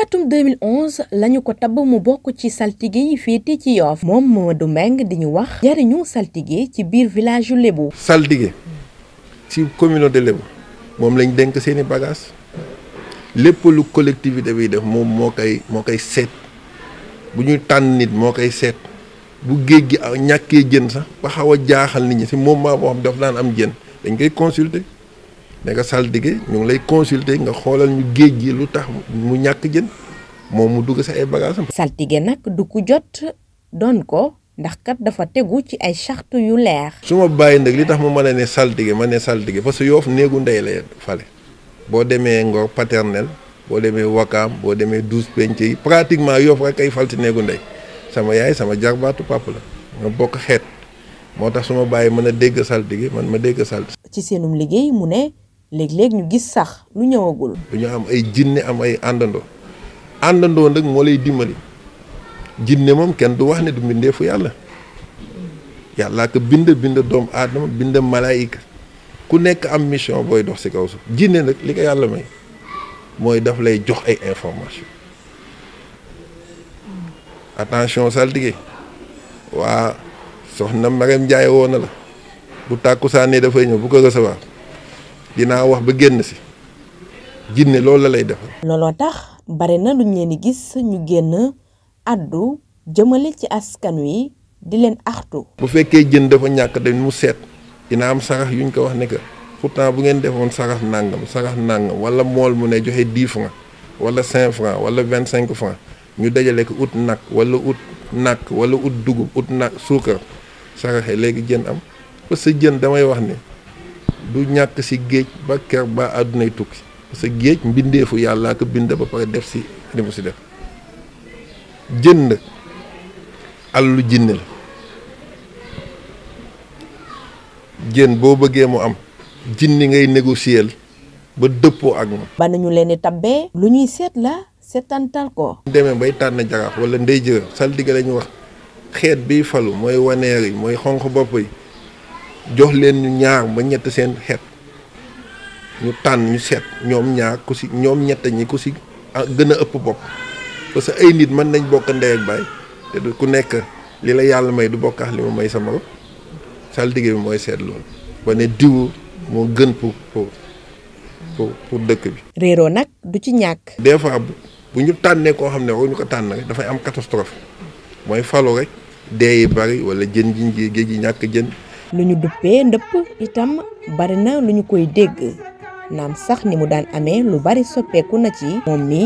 atum 2011 lañu ko tabb mu bokk ci saltige yi féete ci Yoff moom Mamadou Mbengue di ñu wax jariñu saltige ci biir village yu Lébu saltige ci communauté Lébu moom lañ dénk seeni bagage lépp lu collectivité bi def moom moo koy moo koy seet bu ñuy tànn nit moo koy seet bu géej gi aw ñàkkee jën sax ba xaw a jaaxal nit ñi si moment boo xam daf daan am jën dañ koy consulter ne nga saltige ñu ngi lay consulter nga xoolal ñu géej gi lu tax mu ñàkk jën moom mu dugg sa ay bagages am. saltige nag du ku jot doon ko ndax kat dafa tegu ci ay charte yu leer. suma ma bàyyi nag li tax mu mën a ne saltige ma ne saltige parce que yoof néegu ndey la fale boo demee Ngor paternel boo demee Wakaam boo demee douze penc yi pratiquement yoof rek ay fal ci néegu ndey sama yaay sama jarbaatu pàpp la nga bokk xeet moo tax suma ma bàyyi mën a dégg saltige man ma dégg saltige. léeg-léeg ñu gis sax lu ñëwagul. dañu am ay jinne am ay àndandoo àndandoo nag moo lay dimbali jinne moom kenn du wax ne du mbindeefu yàlla yàllaa ko bind bind doomu aadama bind malaayika ku nekk am mission booy dox ci kaw suuf jinne nag li ko yàlla may mooy daf lay jox ay information attention saltige waa soxna Marème Ndiaye woo na la bu tàkkusaanee dafay ñëw bu ko recevoir. dinaa wax ba génn si jinne loolu la lay defal. looloo tax bare na luñ leen di gis ñu génn addu jëmale ci askan wi di leen axtu. bu fekkee jën dafa ñàkk dañ mu seet dina am sarax yuñ ko wax ne que pourtant bu ngeen defoon sarax nangam sarax nàngam wala mool mu ne joxe 10 francs wala 5 francs wala 25 francs ñu dajale ko ut nag wala ut nag wala ut dugub ut nag suukar saraxe léegi jën am parce que jën damay wax ni. du ñak ci geej ba ker ba àddunay tukki parce que géej mbindeefu yalla ko binde ba pare def ci li mu si def jënd allu jinne la jën bo bëggee mu am jinni ngay négocier ba depo ak mo ba nañu leni tabbee lu ñuy sét la sétantal ko démé bay tan jaraaf wala ndey jëw sal digalé ñu wax xéet bi falu moy waneer yi mooy xonq bopp jox leen ñu ñaar ba ñett seen xeet ñu tànn ñu seet ñoom ñaar ku si ñoom ñett ñi ku si gën a ëpp bopp parce que ay nit mën nañ bokk ndey ak baay te du ku nekk li la yàlla may du bokkaax li ma may sama la saltige bi mooy seet lool ba ne diw moo gën pour pour pour pour dëkk bi. réeroo nag du ci ñàkk. des fois bu ñu tànnee koo xam ne waruñu ko tànn rek dafay am catastrophe mooy falu rek dee yi bari wala jën ji géej gi ñàkk jën. luñu duppé duppee ndëpp itam bari na luñu koy dégg naam sax ni mu daan amé lu bari soppeeku na ci mom mi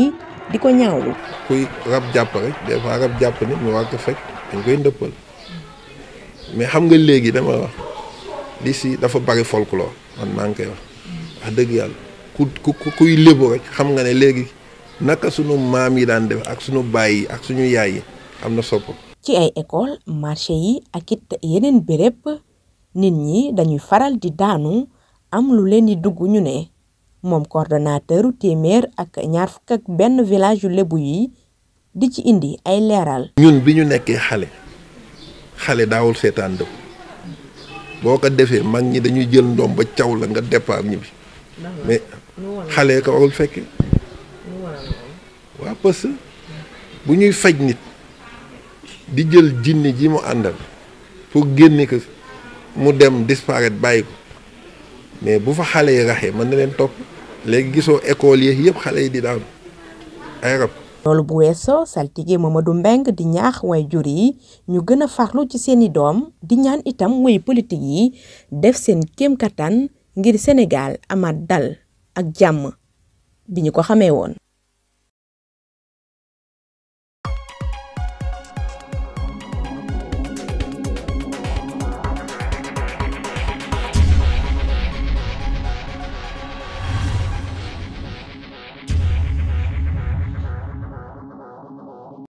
di ñaawlu kuy rab japp rek des fois rab japp nit mu war fek dañ koy ndëppal mais xam nga légui dama wax li ci dafa bari folklore man maa ngi koy wax wax dëgg yalla ku ku kuy lebo, rek xam nga ne légui naka suñu mam yi daan def ak suñu baay ak suñu yaay yi amna na sopp ci ay école marché yi ak it yeneen nit ñi dañuy faral di daanu am lu leen di dugg ñu ne moom coordonnateuru téeméer ak ñaar fukk ak benn village yu lebu yi di ci indi ay leeral. ñun bi ñu nekkee xale xale daawul seetaan dëpp boo ko defee mag ñi dañuy jël ndom ba caw la nga départ ñibbi mais xale ko warul fekke parce bu nit di jël jinni ji mu àndal pour génne ko mu dem disparaître bàyyi ko mais bu fa xale yi raxee mën na leen topp léegi gisoo école yi yëpp xale yi di daanu ay rab. loolu bu weesoo saltige Mamadou Mbengue di ñaax way jur yi ñu gën a farlu ci seeni doom di ñaan itam way politique yi def seen kéem kattan ngir Sénégal amaat dal ak jàmm bi ñu ko xamee woon.